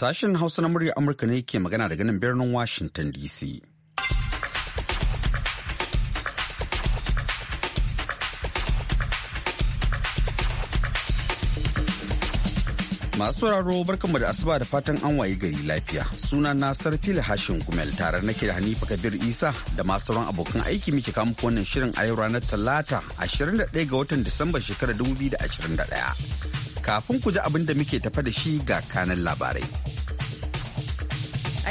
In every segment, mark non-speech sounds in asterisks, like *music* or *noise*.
Sashen Hausa na murya Amurka ne ke magana daga nan birnin Washington DC. Masu sauraro barkanmu da asuba da fatan an waye gari lafiya. Suna na Sarfila Hashin Gumel tare nake da Hanifa Kabir Isa da masu sauran abokan aiki muke kamu wannan shirin a yau ranar Talata 21 ga watan Disamba shekarar 2021. kafin ku ji abin da muke tafa da shi ga kanan labarai.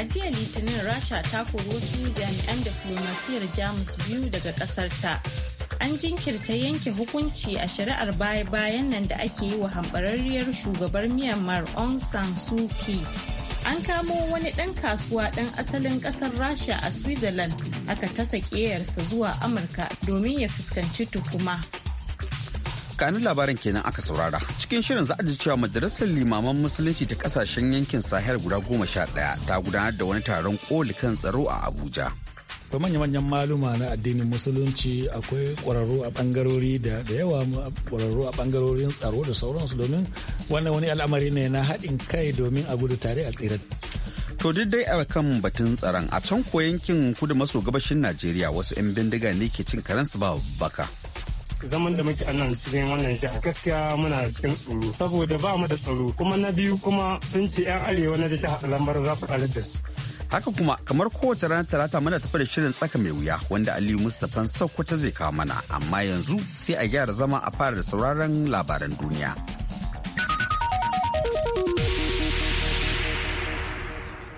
A jiya Litinin Rasha ta koro su jami'an diflomasiyyar Jamus biyu daga ƙasar An jinkirta yanke hukunci a shari'ar baya-bayan nan da ake yi wa hambararriyar shugabar Myanmar Aung San Suu Kyi. An kamo wani ɗan kasuwa ɗan asalin ƙasar Rasha a Switzerland aka tasa ƙeyarsa zuwa Amurka domin ya fuskanci tuhuma. kanin labaran kenan aka saurara cikin shirin za a ji cewa majalisar limaman musulunci ta kasashen yankin sahel guda goma sha ɗaya ta gudanar da wani taron koli kan tsaro a abuja to manya-manyan maluma na addinin musulunci akwai ƙwararru a bangarori da yawa kwararru a bangarorin tsaro da sauransu domin wannan wani al'amari ne na haɗin kai domin a gudu tare a tsira. To duk dai a kan batun tsaron a can ko yankin kudu maso gabashin Najeriya wasu 'yan bindiga ne ke cin karansu ba baka. zaman da muke nan cikin wannan jiha gaskiya muna cikin tsoro saboda ba mu da tsaro kuma na biyu kuma sun ce 'yan arewa na jiha lambar za su kalar da su haka kuma kamar kowace ranar talata muna tafi da shirin tsaka mai wuya wanda aliyu mustapha sokoto zai kawo mana amma yanzu sai a gyara zama a fara da sauraron labaran duniya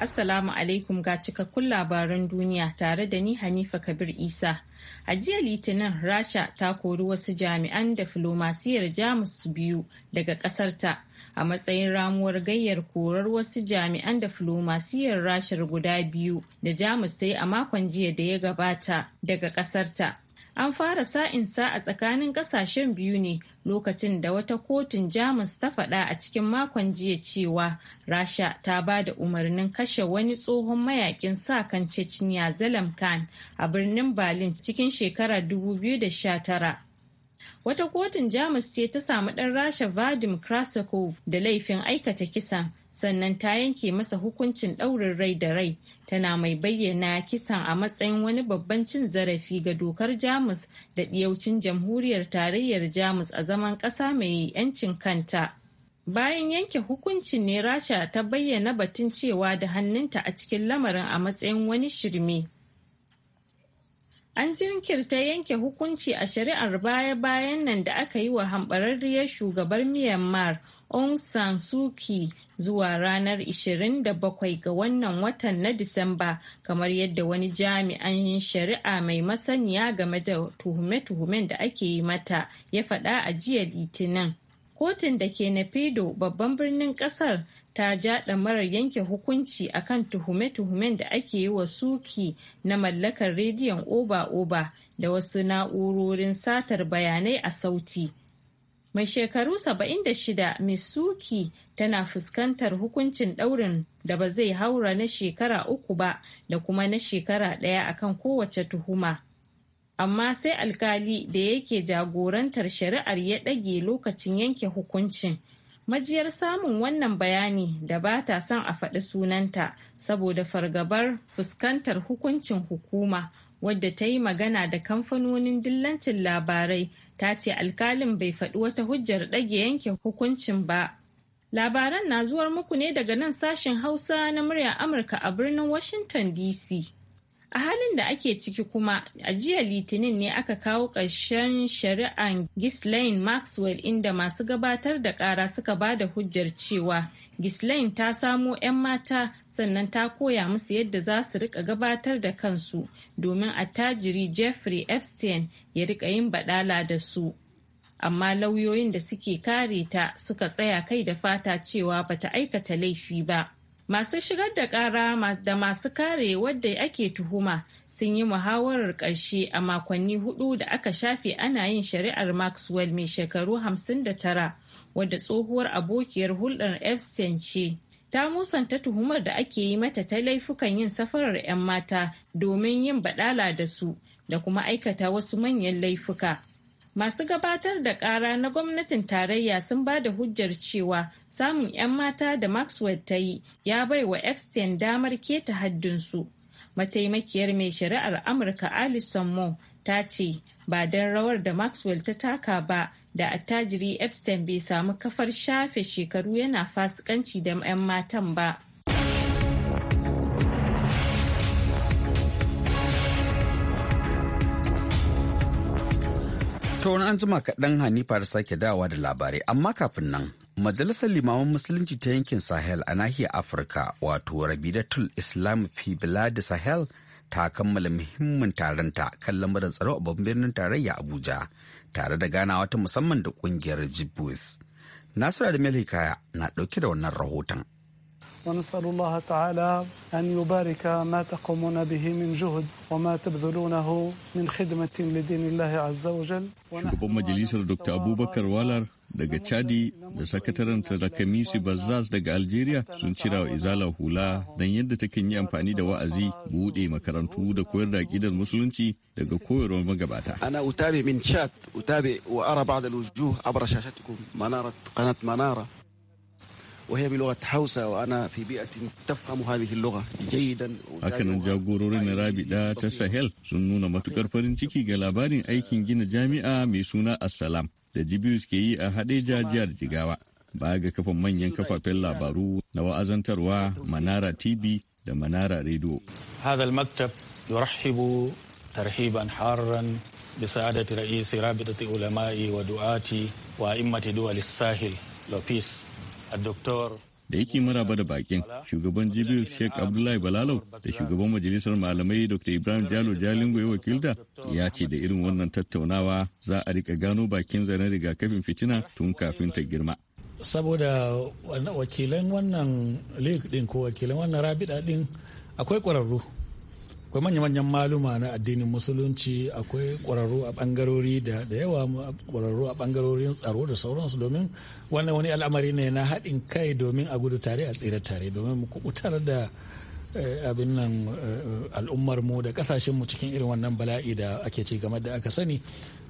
Assalamu alaikum ga cikakkun labaran duniya tare da ni Hanifa Kabir Isa. A jiya Litinin Rasha ta kori wasu jami'an da filomasiyar Jamus biyu daga ƙasarta a matsayin ramuwar gayyar korar wasu jami'an da filomasiyar Rashar guda biyu da Jamus ta yi a makon jiya da ya gabata daga ƙasarta. an fara sa'insa a tsakanin kasashen biyu ne lokacin da wata kotun jamus ta faɗa a cikin makon jiya cewa rasha ta ba da umarnin kashe wani tsohon mayakin sa kan chechnya Zalem khan a birnin berlin cikin shekarar 2019 wata kotun jamus ce ta samu ɗan rasha vadim Krasakov da laifin aikata kisan sannan ta yanke masa hukuncin ɗaurin rai da rai tana mai bayyana kisan a matsayin wani babban cin zarafi ga dokar jamus da ɗiyaucin jamhuriyar tarayyar jamus a zaman ƙasa mai 'yancin kanta bayan yanke hukuncin ne rasha ta bayyana batun cewa da hannunta a cikin lamarin a matsayin wani shirme An jinkirta yanke hukunci a shari'ar baya-bayan nan da aka yi wa hambararriyar shugabar Myanmar Aung San Suu Kyi zuwa ranar 27 ga wannan watan na Disamba kamar yadda wani jami'an shari'a mai masaniya game da tuhume-tuhumen da ake yi mata ya faɗa a jiya litinin. Kotun da ke Fido, babban birnin ƙasar ta jaɗa ɗamarar yanke hukunci akan tuhume-tuhumen da ake yi wa suki na mallakar rediyon oba-oba da wasu na'urorin satar bayanai a sauti. mai shekaru 76 misuki tana fuskantar hukuncin ɗaurin da ba zai haura na shekara uku ba da kuma na shekara ɗaya akan kowace tuhuma amma sai alkali da yake jagorantar shari'ar ya ɗage lokacin yanke hukuncin majiyar samun wannan bayani da ba ta son a faɗi sunanta saboda fargabar fuskantar hukuncin hukuma wadda ta yi magana da kamfanonin dillancin labarai ta ce alkalin bai faɗi wata hujjar ɗage yanke hukuncin ba. Labaran na zuwar muku ne daga nan sashen Hausa na muryar Amurka a birnin Washington DC. A halin da ake ciki kuma, a jiya Litinin ne aka kawo ƙarshen shari'an Ghislaine Maxwell inda masu gabatar da ƙara suka ba da hujjar cewa Ghislaine ta samo 'yan mata sannan ta koya musu yadda za su rika gabatar da kansu domin attajiri Jeffrey Epstein ya rika yin baɗala da su. Amma lauyoyin da suke kare ta suka tsaya kai da fata cewa bata aikata laifi ba. Masu shigar da ƙara da masu kare wadda ake tuhuma sun yi muhawarar ƙarshe a makonni hudu da aka shafe ana yin shari'ar Maxwell mai shekaru hamsin da tara. wadda tsohuwar abokiyar hulɗar epstein ce ta musanta tuhumar da ake yi mata ta laifukan yin safarar 'yan mata domin yin baɗala da su da kuma aikata wasu manyan laifuka masu gabatar da ƙara na gwamnatin tarayya sun ba da hujjar cewa samun 'yan mata da maxwell ta yi ya bai wa epstein damar keta haddinsu mataimakiyar mai shari'ar amurka alison moore ta ce ba don rawar da Maxwell ta taka ba da attajiri Epstein bai samu kafar shafe shekaru yana fasikanci da 'yan matan ba. ta wani an jima kaɗan hanifa da sake dawa da labarai amma kafin nan majalisar limaman musulunci ta yankin sahel a nahiyar afirka wato rabidatul islam fi bilad sahel ta kammala muhimmin taronta kan lamarin tsaro a babban birnin tarayya Abuja tare da ganawa ta musamman da kungiyar Jibwis. Nasiru da Melikaya na ɗauke da wannan rahoton. ونسأل الله تعالى أن يبارك ما تقومون به من جهد وما تبذلونه من خدمة لدين الله عز وجل. شو مجلس الدكتور أبو بكر والر daga Chadi da sakataren Rakamisi Bazzaz daga Algeria sun cira wa Izala hula don yadda takan yi amfani da wa'azi buɗe makarantu da koyar da aƙidar musulunci daga koyarwar magabata. Ana utabe min Chad, utabe wa ara ba'da al-wujuh abra shashatikum qanat manara. وهي hausa wa ana في بيئة تفهم هذه اللغة جيدا hakanan jagororin da ta sahel sun nuna matukar farin ciki ga labarin aikin gina jami'a mai suna assalam da jibiru ke yi a haɗe jajiyar jigawa baya ga kafin manyan kafafen labaru na wa'azantarwa manara tv da manara rediyo. Hazal Maktab yurahibu tarhiban haran bisa adati ra'isi rabitati ulama'i wa du'ati wa immati duwalis sahil lopis a doktor da yake maraba da bakin shugaban jibril sheikh abdullahi balalau da shugaban majalisar malamai dr ibrahim jalo jalingo ya wakilta ya ce da irin wannan tattaunawa za a rika gano bakin zaren rigakafin fitina tun kafin ta girma saboda wakilan wannan league din ko wakilan wannan rabida din akwai kwararru akwai manya-manyan maluma na addinin musulunci akwai ƙwararru a bangarori da yawa ƙwararru a bangarorin tsaro da sauransu domin wannan wani al'amari ne na haɗin kai domin a gudu tare a tsira tare domin mu kubutar da eh, abin nan eh, al'ummar mu da kasashen mu cikin irin wannan bala'i da ake ci game da aka sani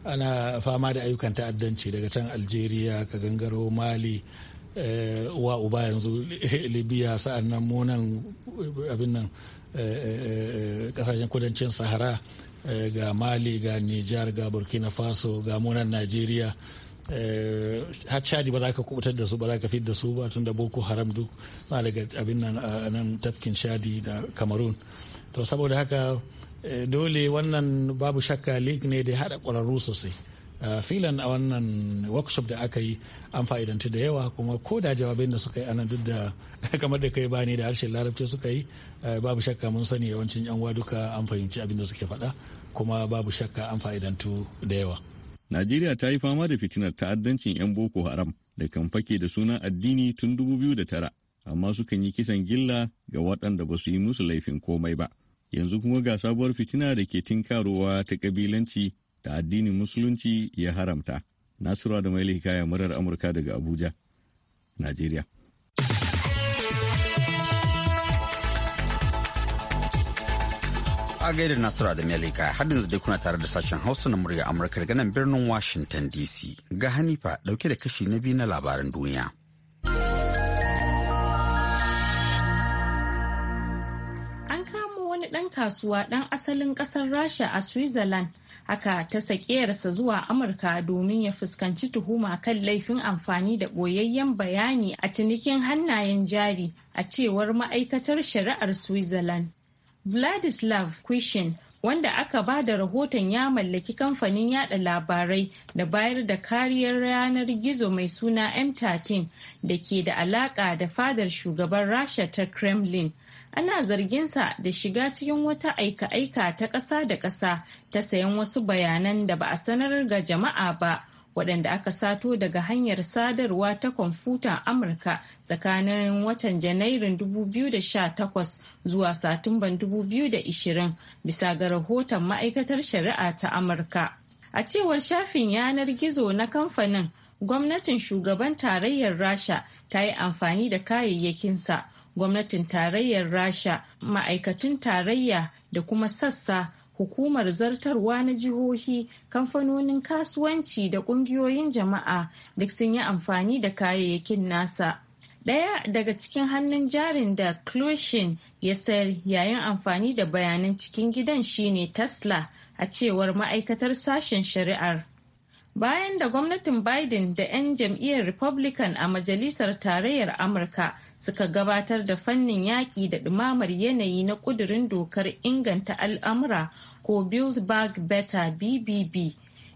ana fama da ayyukan ta'addanci daga can algeria ka gangaro mali eh, wa uba yanzu *laughs* libya sa'an nan munan abin nan Eh, eh, eh, kasashen kudancin sahara ga mali ga nijar ga burkina faso ga munan najeriya har chadi ba za ka kubutar da su ba za ka fit da su ba tun da boko haram duk suna daga abin nan a nan tafkin chadi da cameroon to saboda haka dole wannan babu shakka league ne da haɗa ƙwararru sosai filan a wannan workshop da aka yi an fa'idantu da yawa kuma ko da jawabin da suka yi anan duk da *laughs* kamar da kai bani da harshen larabci suka yi Eh, babu shakka mun sani yawancin yan duka an fahimci abin da suke faɗa kuma babu shakka an fa'idantu da yawa najeriya ta yi fama da fitinar ta'addancin yan boko haram da kan fake da sunan addini tun dubu biyu da tara amma sukan yi kisan gilla ga waɗanda ba su yi musu laifin komai ba yanzu kuma ga sabuwar fitina da ke tinkarowa ta kabilanci da addinin musulunci ya haramta nasiru da mai hikaya murar amurka daga abuja najeriya a gaida Nasiru da Yalika har yanzu zai kuna tare da sashen Hausa na murya Amurka daga nan birnin Washington DC ga Hanifa ɗauke da kashi na biyu na labaran duniya. An kamo wani ɗan kasuwa ɗan asalin ƙasar Rasha a Switzerland haka ta sakiyarsa zuwa Amurka domin ya fuskanci tuhuma kan laifin amfani da ɓoyayyen bayani a cinikin hannayen jari a cewar ma'aikatar shari'ar Switzerland. Vladislav Kushin wanda aka ba da rahoton ya mallaki kamfanin yada labarai da bayar da kariyar yanar gizo mai suna M13 da ke da alaka da fadar shugaban Rasha ta Kremlin. Ana zarginsa da shiga cikin wata aika-aika ta ƙasa da ƙasa ta sayan wasu bayanan da ba a sanar ga jama'a ba. waɗanda aka sato daga hanyar sadarwa ta kwamfuta amurka tsakanin watan janairun 2018 zuwa satumban 2020 bisa ga rahoton ma'aikatar shari'a ta amurka a cewar shafin yanar gizo na kamfanin gwamnatin shugaban tarayyar rasha ta yi amfani da kayayyakinsa gwamnatin tarayyar rasha ma'aikatun tarayya da kuma sassa hukumar zartarwa na jihohi kamfanonin kasuwanci da ƙungiyoyin jama'a duk sun yi amfani da kayayyakin nasa ɗaya daga cikin hannun jarin da clushin ya sayar yayin amfani da bayanan cikin gidan shine tesla a cewar ma'aikatar sashen shari'ar bayan da gwamnatin Biden da 'yan jam'iyyar Republican a Majalisar Tarayyar Amurka suka gabatar da fannin yaƙi da ɗumamar yanayi na ƙudurin dokar inganta al'amura ko Build Back Better BBB.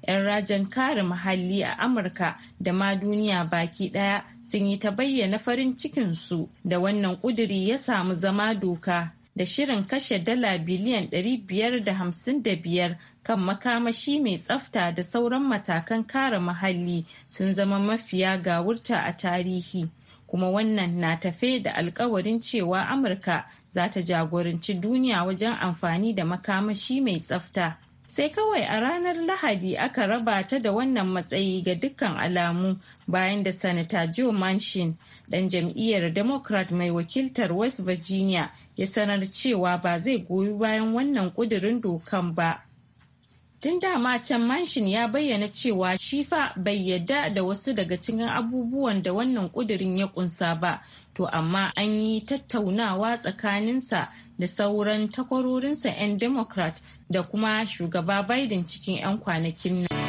'Yan rajin kare muhalli a Amurka da ma duniya baki ɗaya sun yi ta bayyana farin cikinsu da wannan ƙuduri ya samu zama doka da shirin kashe dala biliyan 555 kan makamashi mai tsafta da sauran matakan kare muhalli sun zama mafiya gawurta a tarihi kuma wannan na tafe da alkawarin cewa amurka za ta jagoranci duniya wajen amfani da makamashi mai tsafta sai kawai a ranar lahadi aka raba ta da wannan matsayi ga dukkan alamu bayan da sanata joe manchin ɗan jam'iyyar democrat mai wakiltar west virginia ya sanar cewa ba zai goyi bayan wannan ƙudirin dokan ba Tun dama can Manshin ya bayyana cewa shifa bai yadda da wasu daga cikin abubuwan da wannan kudirin ya kunsa ba, to amma an yi tattaunawa tsakaninsa da sauran takwarorinsa 'yan Democrat da kuma shugaba Biden cikin 'yan kwanakin nan.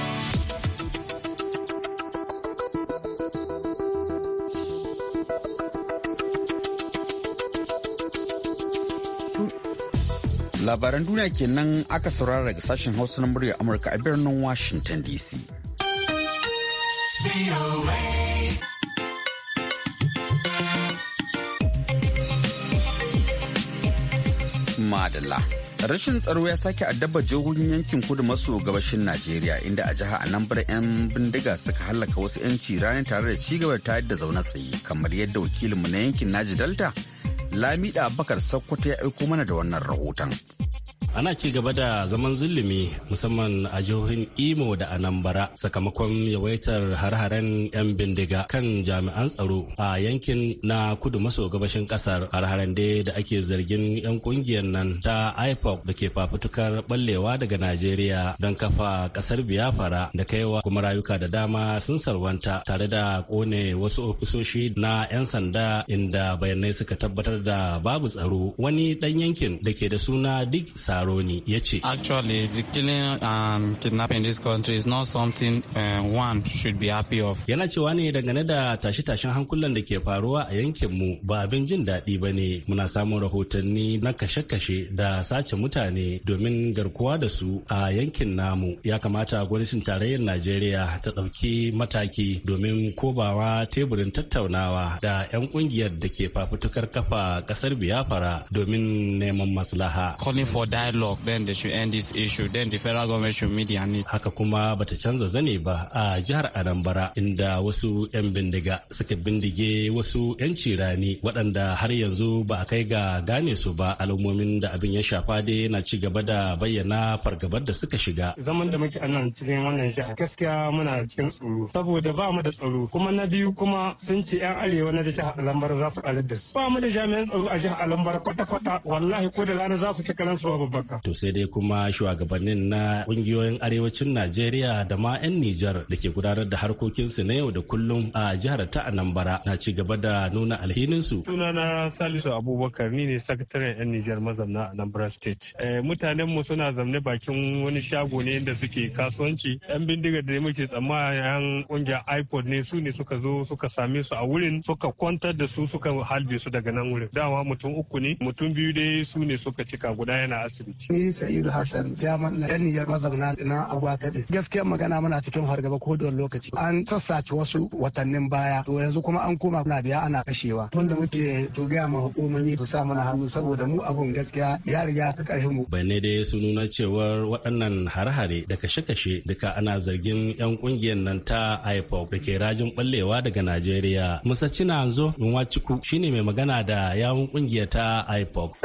labaran duniya kenan aka saurara daga sashen hausa na murya amurka a birnin washington dc madala rashin tsaro ya sake addaba jihohin yankin kudu maso gabashin najeriya inda a jiha anambra 'yan bindiga suka hallaka wasu 'yanci ranar tare da cigaba da tayar da zaune tsaye kamar yadda wakilinmu na yankin naji delta Lamida Bakar Sokoto ya aiko mana da wannan rahoton. ana ci gaba da zaman zulumi musamman a jihohin imo da anambra sakamakon yawaitar har-haren 'yan bindiga kan jami'an tsaro a yankin na kudu maso gabashin kasar har-haren da ake zargin 'yan kungiyar nan ta ipoc da ke fafutukar ballewa daga najeriya don kafa kasar biyafara da kaiwa kuma rayuka da dama sun sarwanta tare da kone wasu ofisoshi na 'yan sanda inda bayanai suka tabbatar da babu tsaro wani dan yankin da ke da suna dick ne ya ce. Actually, the killing and um, kidnapping this country is not something uh, one should be happy of. Yana cewa ne dangane da tashe-tashen hankulan da ke faruwa a yankinmu ba abin jin daɗi ba ne. Muna samun rahotanni na kashe-kashe da sace mutane domin garkuwa da su a yankin namu. Ya kamata gwamnatin tarayyar Najeriya ta ɗauki mataki domin kobawa teburin tattaunawa da 'yan ƙungiyar da ke fafutukar kafa ƙasar biyafara domin neman maslaha. Calling for dialogue then they should end this issue then the federal government should meet their need. Haka kuma bata canza zane ba a jihar Anambra inda wasu 'yan bindiga suka bindige wasu 'yan cirani waɗanda har yanzu ba a kai ga gane su ba al'ummomin da abin ya shafa dai na ci gaba da bayyana fargabar da suka shiga. Zaman da muke anan cikin wannan jiha gaskiya muna cikin tsoro saboda ba mu da tsaro kuma na biyu kuma sun ce 'yan arewa na jihar Anambra za su ƙarar da su. Ba mu da jami'an tsaro a jihar Anambra kwata-kwata wallahi ko da lana za su ci karansu ba Tosai To sai dai kuma shugabannin na kungiyoyin arewacin Najeriya da ma 'yan Nijar da ke gudanar da harkokinsu na yau da kullum a jihar ta Anambra na ci gaba da nuna alhininsu. Sunana Salisu Abubakar ni ne sakataren 'yan Nijar mazamna Anambra State. Eh, Mutanen mu suna zamne bakin wani shago ne inda suke kasuwanci. 'Yan bindiga da muke tsamman 'yan kungiyar iPod ne su ne suka zo suka same su a wurin suka kwantar da su suka halbe su daga nan wurin. Dawa mutum uku ne mutum biyu dai su ne suka cika guda yana asibiti. asibiti. Ni Sa'idu Hassan ya na yan mazauna na Agwatade. Gaskiya magana muna cikin hargaba ko don lokaci. An sassace wasu watannin baya to yanzu kuma an koma na biya ana kashewa. Tunda muke to gaya ma hukumomi to sa mana hannu saboda mu abun gaskiya ya riga ta mu. Bayanai dai su nuna cewar waɗannan hare-hare da kashe-kashe duka ana zargin 'yan ƙungiyar nan ta IPOP da ke rajin ɓallewa daga Najeriya. Musa Cinanzo Nwachiku shine mai magana da yawun ƙungiyar ta IPOP.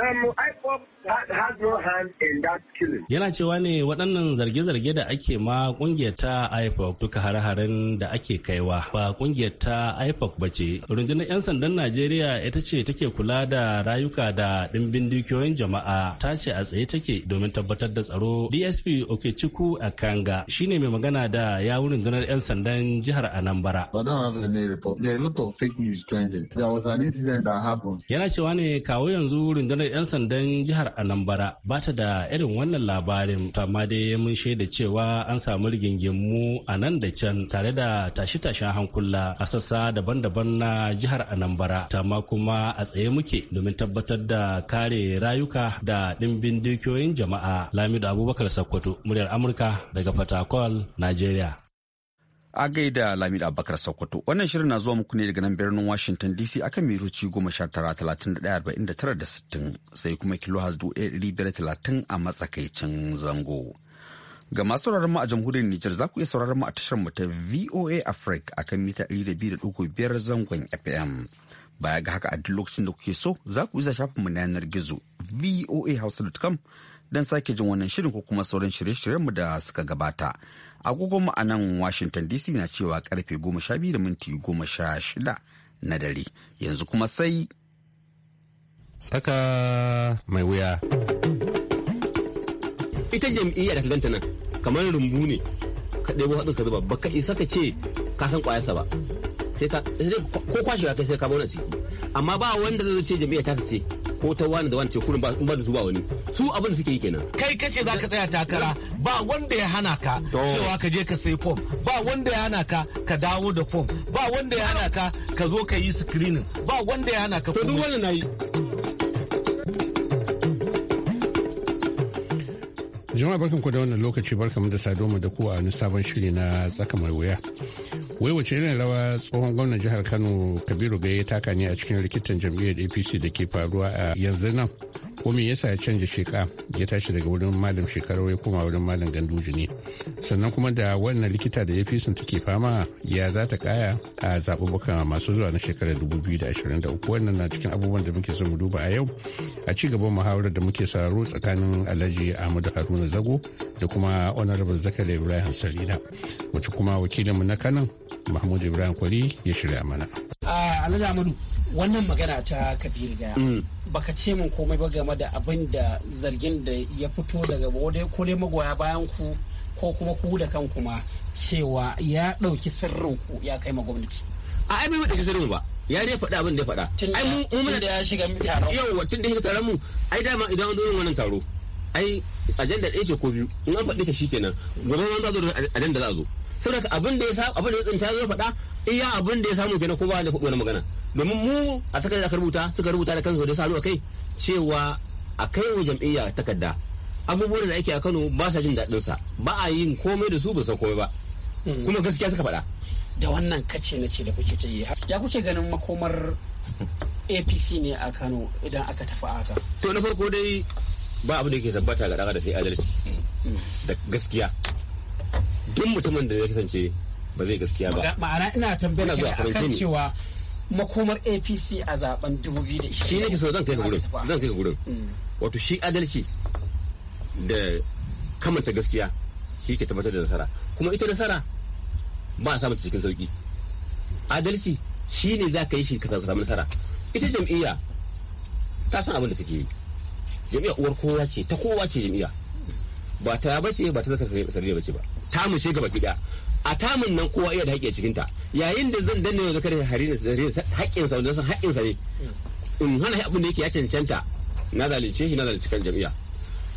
Yana cewa ne waɗannan zarge-zarge da ake ma ƙungiyar ta IPOC duka hare-haren da ake kaiwa ba ƙungiyar ta IPOC ba ce. Rundunar 'yan sandan Najeriya ita ce take kula da rayuka da ɗimbin dukiyoyin jama'a ta ce a tsaye take domin tabbatar da tsaro. DSP Okechukwu Akanga shine mai magana da ya wurin rundunar 'yan sandan jihar Anambra. Yana cewa ne kawo yanzu rundunar 'yan sandan jihar bara ba ta da irin wannan labarin amma dai mun shaida cewa an samu rigingimu a nan da can tare da tashe-tashen hankula a sassa daban-daban na jihar Anambra ma kuma a tsaye muke domin tabbatar da kare rayuka da ɗimbin dukiyoyin jama'a lamidu Abubakar Sokoto muryar Amurka daga fatakol nigeria. a gaida lamida bakar sokoto wannan shirin na zuwa muku ne daga nan birnin washington dc akan mitoci goma sha tara talatin da daya arba'in da tara da sittin sai kuma kilo dubu ɗaya talatin a matsakaicin zango ga masu sauraron mu a jamhuriyar nijar za ku iya sauraron mu a tashar mu ta voa africa akan mita ɗari biyu da ɗigo biyar zangon fm baya ga haka a duk lokacin da kuke so za ku iya shafin mu na yanar gizo voahouse.com don sake jin wannan shirin ko kuma sauran shirye-shiryenmu da suka gabata. Agogonmu a nan Washington DC na cewa karfe 12 da minti 16 na dare. Yanzu kuma sai. Tsaka mai wuya. Ita jam'iyyar da ta nan kamar rumbu ne ka ɗebo haɗin ka zuba ba ka isa ka ce ka san ƙwayarsa ba. Sai ka ko kwashewa kai sai ka bauna ciki. Amma ba wanda zai ce jam'iyya ta ce ko ta wani da wani ce kurin ba da zuwa wani su abin da suke yi kenan kai kace za ka tsaya takara ba wanda ya hana ka cewa ka je ka sai form ba wanda ya hana ka ka dawo da form ba wanda ya hana ka ka zo ka yi screening ba wanda ya hana ka to duk wannan nayi jama'a barkan ku da wannan lokaci barkan da sadoma da kuwa wani sabon shiri na tsakamar wuya wai wace irin rawa tsohon gwamnan jihar kano kabiru ya taka ne a cikin rikitan jam'iyyar apc da ke faruwa a yanzu nan ko me yasa ya canja sheka ya tashi daga wurin malam shekaru ya koma wurin malam ganduji ne sannan kuma da wannan likita da ya fi sun take fama ya za ta kaya a zaɓuɓɓuka masu zuwa na shekarar 2023 wannan na cikin abubuwan da muke son mu duba a yau a ci gaban muhawarar da muke sauraro tsakanin alhaji ahmadu haruna zago da kuma honorable zakari ibrahim salina wacce kuma wakilinmu na kanan mahmud ibrahim kwari ya shirya mana ah, alhaji ahmadu wannan magana ta kabiru daya. Mm. baka ce min komai ba game da abin da zargin da ya fito daga wadai ko dai magoya bayan ku ko kuma ku da kanku ma cewa ya ɗauki sirrin ku ya kai ma gwamnati a ai mai dauki sirrin ba ya dai faɗa abin da ya faɗa ai mu mun da ya shiga taron yau tun da ya shiga taron mu ai dama idan an zo wannan taro ai ajenda ɗaya ce ko biyu in an faɗi ta shikenan gobe ma za zo ajenda za a zo saboda abin da ya sa abin da ya tsinta ya zo faɗa iya abin da ya samu kenan ko ba da faɗi wani magana domin mu a takarda aka rubuta suka rubuta da kansu da salo kai cewa a kai wa jam'iyya takarda abubuwan da ake a Kano ba sa jin daɗin sa ba a yin komai da su ba san komai ba hmm. kuma gaskiya suka faɗa da wannan kace na ce da kuke ce ya kuke ganin makomar APC ne a Kano idan aka tafi ata to na farko dai ba abu da ke tabbata ga daga da sai adalci da gaskiya duk mutumin da ya kasance ba zai gaskiya ba ma'ana ina tambayar ka akan cewa makomar apc a zaben 2020 shi ne so zan kai ga gurin zan kai ga gurin mm. wato shi adalci da kamanta gaskiya shi ke tabbatar da nasara kuma ita nasara ba a samun cikin sauki adalci shi ne za ka yi shi ka samu nasara ita jam'iyya ta san abin da take yi jam'iyya uwar kowa ce ta kowa ce jam'iyya ba ta ba ce ba ta zaka sarari ba ce ba ta mushe gaba baki daya a tamun nan kowa iya da haƙƙi cikin ta yayin da zan danne yanzu kare harin haƙƙin sa san haƙƙin sa ne in hana abin da yake ya cancanta na zalunce shi na zalunce kan jami'a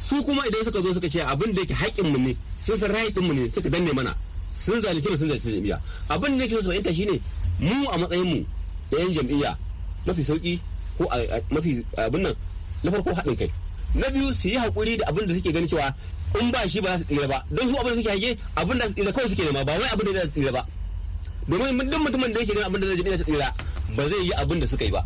su kuma idan suka zo suka ce abin da yake haƙƙin mu ne sun san rayitin mu ne suka danne mana sun zalunce mu sun zalunce jami'a abin da yake so fahimta shine mu a matsayin mu da yan jami'a mafi sauki ko a mafi abin nan na farko haɗin kai na biyu su yi haƙuri da abin da suke ganin cewa in ba shi ba za su tsira ba don su abin da suke hage abin da tsira kawai suke nema ba wai abin da za su tsira ba domin duk mutumin da yake ganin abin da zai tsira tsira ba zai yi abin da suka yi ba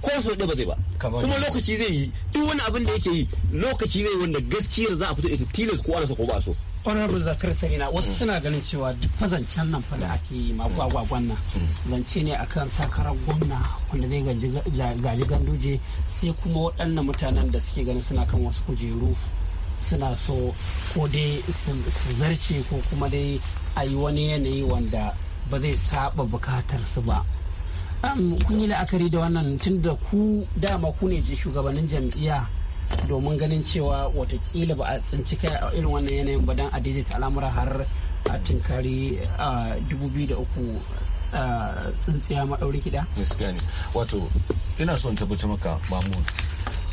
ko su da ba zai ba kuma lokaci zai yi duk wani abin da yake yi lokaci zai wanda gaskiyar za a fito ita tilas ko ana so ko ba so honorable zakar sarina wasu mm. suna ganin cewa duk fazancen nan fa da ake yi ma gwagwagwan mm. nan mm. zance ne akan takarar gwamna wanda zai gaji ganduje sai kuma waɗannan mutanen da suke ganin suna kan wasu kujeru suna so ko dai su zarce ko kuma dai a yi wani yanayi wanda ba zai saba su ba kun yi la'akari da wannan tun da ku dama ku ne shugabannin jam'iyya domin ganin cewa watakila ba a tsinci kai a irin wannan yanayin ba don a daidaita al'amura har a tunkari a 2003 tsintsiya maɗauri kiɗa? gaskiya ne wato ina son tabbatar maka mamu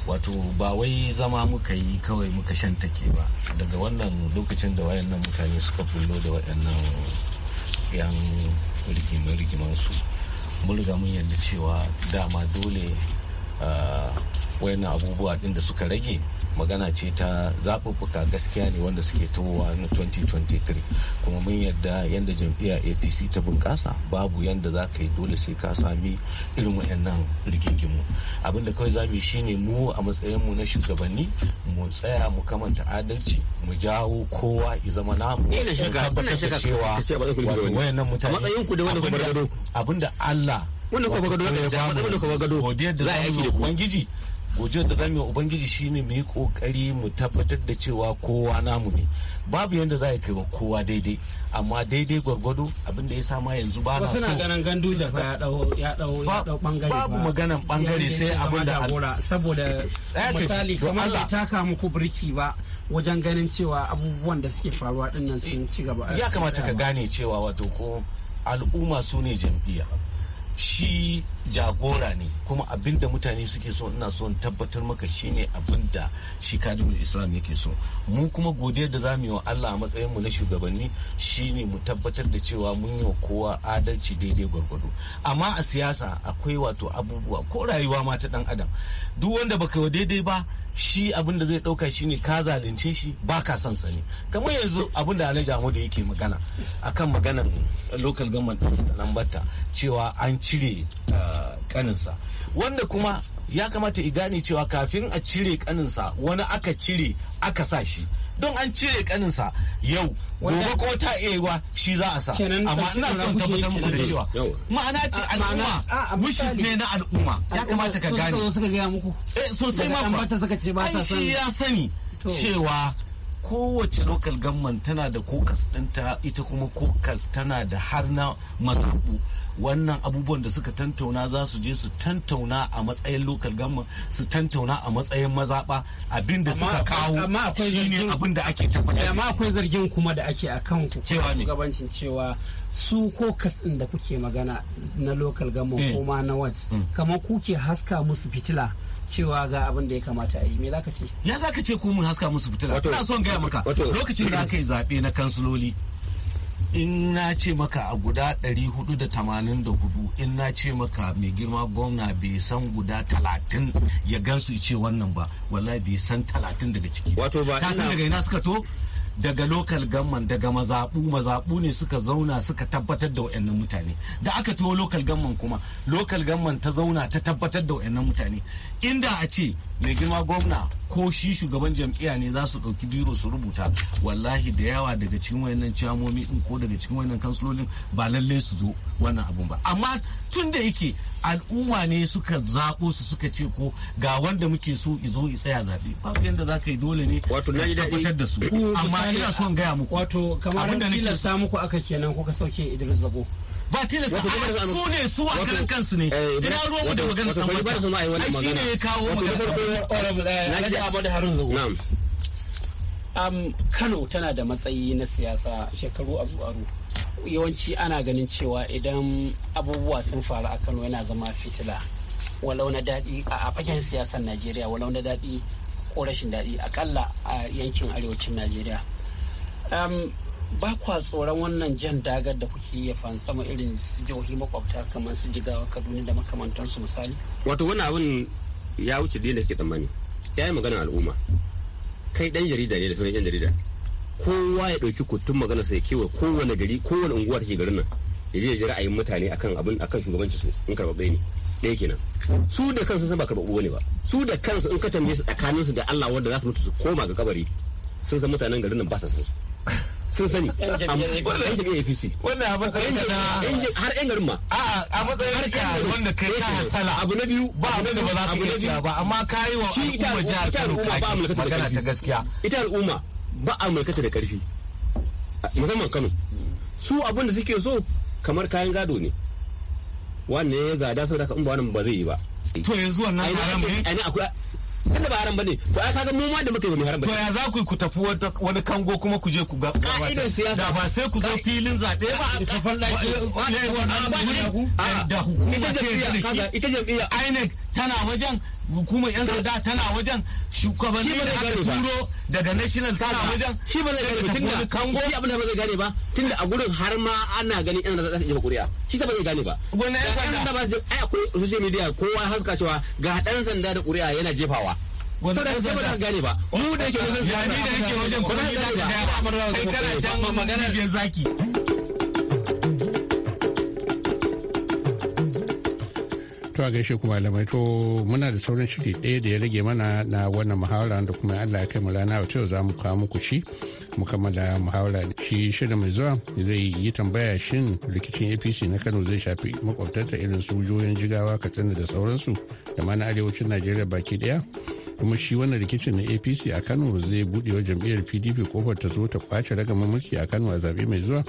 wato ba wai zama muka yi kawai muka shantake ba daga wannan lokacin da wayannan mutane suka bullo da wayannan yan rigiman su mun riga mun yadda cewa dama dole ah, wayannan abubuwa din da suka rage magana ce ta zaɓuɓɓuka gaskiya ne wanda suke towa na 2023 kuma mun yadda yadda jam'iyyar apc ta bunƙasa babu yadda za ka yi dole sai ka sami irin wayannan rigingimu abinda kawai za mu shi ne mu a matsayinmu na shugabanni mu tsaya mu kamanta adalci mu jawo kowa ya zama namu tabbatar cewa wato wayannan mutane abinda Allah wanda kuma gado ya ba mu za a yi aiki da ku ubangiji godiya da zamu ubangiji shine mu yi kokari mu tabbatar da cewa kowa namu ne babu yadda za a kai wa kowa daidai amma daidai gwargwado abin da ya sama yanzu ba na so Wasu ganin gandu da ya dau ya dau ya dau bangare babu maganan bangare sai abin da saboda eh, misali kamar bai taka muku birki ba wajen ganin cewa abubuwan da suke faruwa nan sun ci gaba ya kamata ka gane cewa wato ko al'umma su ne jam'iyya shi jagora ne kuma abinda mutane suke so ina so in tabbatar maka shine abinda da shi kadimin islam yake so mu kuma godiyar da za mu yi wa Allah a matsayin mu na shugabanni shine mu tabbatar da cewa mun yi wa kowa adalci daidai gwargwado amma a siyasa akwai wato abubuwa ko rayuwa ma ta dan adam duk wanda baka yi daidai ba shi abin da zai dauka shine ka zalunce shi ba ka son sani kamar yanzu abin da Alhaji Ahmadu yake magana akan maganan local government ta lambata cewa an cire ah, kaninsa wanda kuma ya kamata gane cewa kafin a cire kaninsa wani aka cire aka sa shi don an cire kaninsa yau gobe ko ta ewa shi za a sa amma ina son tabbatar muku da cewa ma'ana ce al'umma wishes ne na al'umma ya kamata ka gane eh, sosai ma ba shi ya sani cewa kowace local government tana da kokas ɗinta ita kuma kokas tana da har na mazaɓu wannan abubuwan da suka tantauna za su je su tantauna a matsayin local government su tantauna a matsayin mazaɓa abin da suka kawo Shi ne abin da ake tabbatar amma akwai zargin kuma da ake akan ku cewa ne. gabancin cewa su ko katsin da kuke magana na local government eh. ko ma na wat hmm. kamar kuke haska musu fitila cewa ga abin da ya kamata a yi me zaka ce ya zaka ce ku mun haska musu fitila ina son gaya maka lokacin da aka yi zaɓe na kansuloli in na ce maka a guda 484 in na ce maka mai girma gwamna bai san guda 30 ya gansu ce wannan ba wallahi bai san 30 daga ciki wato ba ta san daga ina suka to daga lokal gamman daga mazaɓu mazaɓu ne suka zauna suka tabbatar da wayannan mutane da aka tuwo lokal gamman kuma lokal gamman ta zauna ta tabbatar da wayannan mutane inda a ce mai girma gwamna ko shi shugaban jam'iyya ne za su ɗauki biro su rubuta wallahi da yawa daga cikin wayannan ciyamomi din ko daga cikin wayannan kansulolin ba lalle su zo wannan abun ba amma tun da yake al'umma ne suka zaɓo su suka ce ko ga wanda muke so izo i tsaya zaɓe babu yanda za ka yi dole ne wato na tabbatar da su mm, amma ina son gaya muku wato kamar tilasta muku aka kenan kuka sauke Idris Zago ba Kano tana da matsayi na siyasa shekaru a aru yawanci ana ganin cewa idan abubuwa sun faru a Kano yana zama fitila walau na daɗi a fagen siyasar Najeriya walau na daɗi ko rashin daɗi akalla a yankin arewacin Najeriya. ba kwa tsoron wannan jan dagar da kuke iya fantsama irin su jihohi makwabta kamar su jigawa kaduna da makamantansu misali wato wani abin ya wuce da yadda ke tsammani ya yi maganar al'umma kai dan jarida ne da sunan yan jarida kowa ya ɗauki kutun magana sai kewa kowane gari kowane unguwa take garin nan ya je ji ra'ayin mutane akan abin akan shugabanci su in bai ne ɗaya kenan su da kansu sun ba karɓaɓɓu ne ba su da kansu in ka tambaye su tsakaninsu da Allah wanda za su mutu su koma ga kabari sun san mutanen garin nan ba sa san su sun sani yan apc wannan a matsayin ka har yan garin ma a a matsayin ka wanda kai ka hasala abu na biyu ba abu da ba za ka iya ba amma A wa al'umma jihar magana ta gaskiya ita al'umma ba a mulkata da karfi musamman kano su abin da suke so kamar kayan gado ne wannan ya gada saboda ka in ba wannan ba zai yi ba to yanzu wannan ne tunda ba haram bane to ai kaga mu ma da muke ba haram bane to ya za ku ku tafi wani kango kuma ku je ku ga da ba sai ku zo filin zaɓe ba ka falla da hukuma ita jam'iyya INEC tana wajen hukumar yan sanda tana wajen shugabanni da aka turo daga national tana wajen shi ba zai gane tunda kango shi abin da ba zai gane ba tunda a gurin har ma ana ganin yan sanda za su jefa kuri'a shi ba zai gane ba wani yan sanda ba ai akwai social media kowa haska cewa ga dan sanda da kuri'a yana jefawa wanda da sai ba gane ba mu da yake wajen sanda da yake wajen kuma da da kai kana can magana je zaki To a gaishe kuma malamai to muna da sauran shiri ɗaya da ya rage mana na wannan muhawara da kuma Allah ya kai mu rana wata yau za mu kawo muku shi mu kammala muhawara shi shirin mai zuwa zai yi tambaya shin rikicin APC na Kano zai shafi makwabtanta irin su jigawa Katsina da sauransu da ma na arewacin Najeriya baki ɗaya. kuma shi wannan rikicin na apc a kano zai buɗe wa jam'iyyar pdp kofar ta zo ta kwace ragamar mulki a kano a zaɓe mai zuwa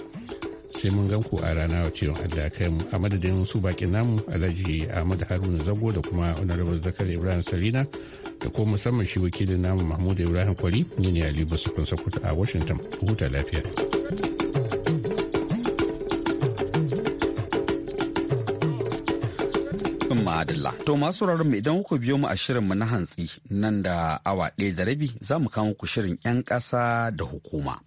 sai mun gan ku a rana cewa Allah kai mu a madadin su bakin namu Alhaji Ahmad Haruna Zago da kuma Honorable Zakar Ibrahim Salina da kuma musamman shi wakilin namu Mahmud Ibrahim Kwari ni ne Ali Basufan Sokoto a Washington huta lafiya. Adalla. To masu mu idan kuka biyo mu a shirin mu na hantsi nan da awa ɗaya da rabi za mu kawo ku shirin 'yan ƙasa da hukuma.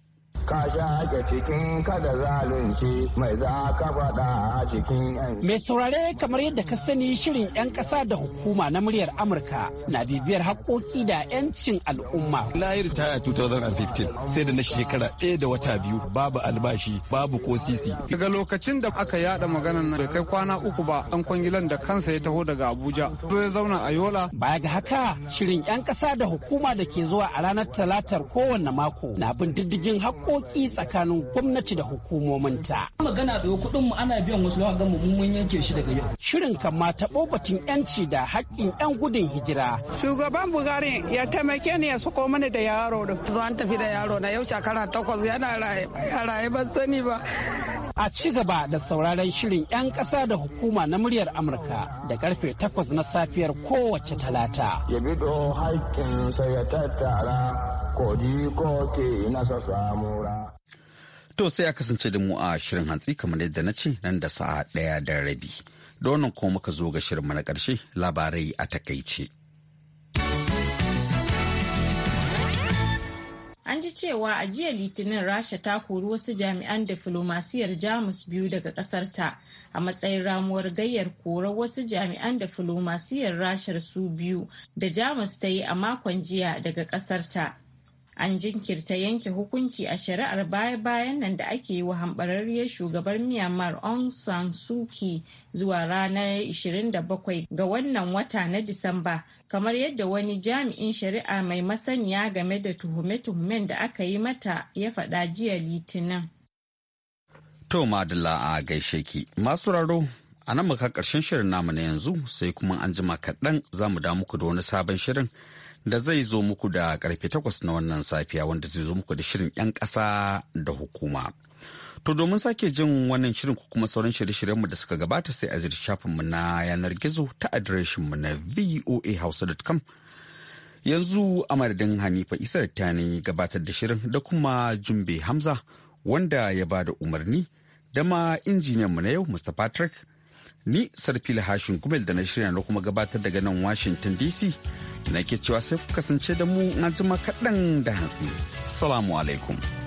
ka shaƙe cikin kada zalunci mai za ka faɗa a cikin Mai saurare kamar yadda ka sani shirin 'yan ƙasa da hukuma na muryar Amurka na bibiyar haƙoƙi da 'yancin al'umma. Na ritaya 2015 sai da na shekara ɗaya da wata biyu babu albashi babu ko sisi. Daga lokacin da aka yaɗa maganan nan bai kai kwana uku ba an kwangilan da kansa ya taho daga Abuja. to ya zauna a Yola. Baya ga haka shirin 'yan ƙasa da hukuma da ke zuwa a ranar talatar kowanne mako na bin diddigin haƙƙo sauki tsakanin gwamnati da hukumominta. Magana da kuɗin mu ana biyan wasu lawa gama mun yanke shi daga yau. Shirin kan ma taɓo batun yanci da haƙƙin 'yan gudun hijira. Shugaban Bugari ya taimake ni ya suko mana da yaro da. an tafi da yaro na yau shekara takwas yana raye ba sani ba. a ci gaba da sauraron shirin 'yan ƙasa da hukuma na muryar Amurka da karfe 8 na safiyar kowace talata. Ya ya tattara, ko To sai a kasance da mu a shirin hantsi kamar yadda na ce nan da sa'a ɗaya da rabi. Da wannan kuma muka zo ga shirin na ƙarshe labarai a takaice. An ji cewa a jiya Litinin Rasha ta kori wasu jami'an filomasiyar Jamus biyu daga ƙasarta a matsayin ramuwar gayyar korar wasu jami'an da filomasiyar Rashar su biyu da Jamus ta yi a makon jiya daga ƙasarta. an jinkirta yanke hukunci a shari'ar baya-bayan nan da ake yi wa hambararriyar shugabar myanmar aung san suu kyi zuwa ranar 27 ga wannan wata na disamba kamar yadda wani jami'in shari'a mai masaniya game da tuhume-tuhumen da aka yi mata ya faɗa jiya litinin To Madalla a gaishe ki. Masu raro a nan muka karshen shirin namu na yanzu sai kuma an jima kaɗan za mu da muku da wani sabon shirin da zai zo muku da karfe takwas na wannan safiya wanda zai zo muku da shirin 'yan ƙasa da hukuma. To domin sake jin wannan shirin ku kuma sauran shirye-shiryenmu da suka gabata sai a ziri shafinmu na yanar gizo ta adireshinmu na voahouse.com. Yanzu a madadin Hanifa Isar Tani gabatar da shirin da kuma Jumbe Hamza wanda ya ba da umarni da ma injiniyanmu na yau Mr. Patrick Ni Sarfila Hashin Gumel da na shirya na kuma gabatar daga nan Washington DC na ke cewa sai ku kasance da mu an jima kaɗan da hantsi. Salamu alaikum.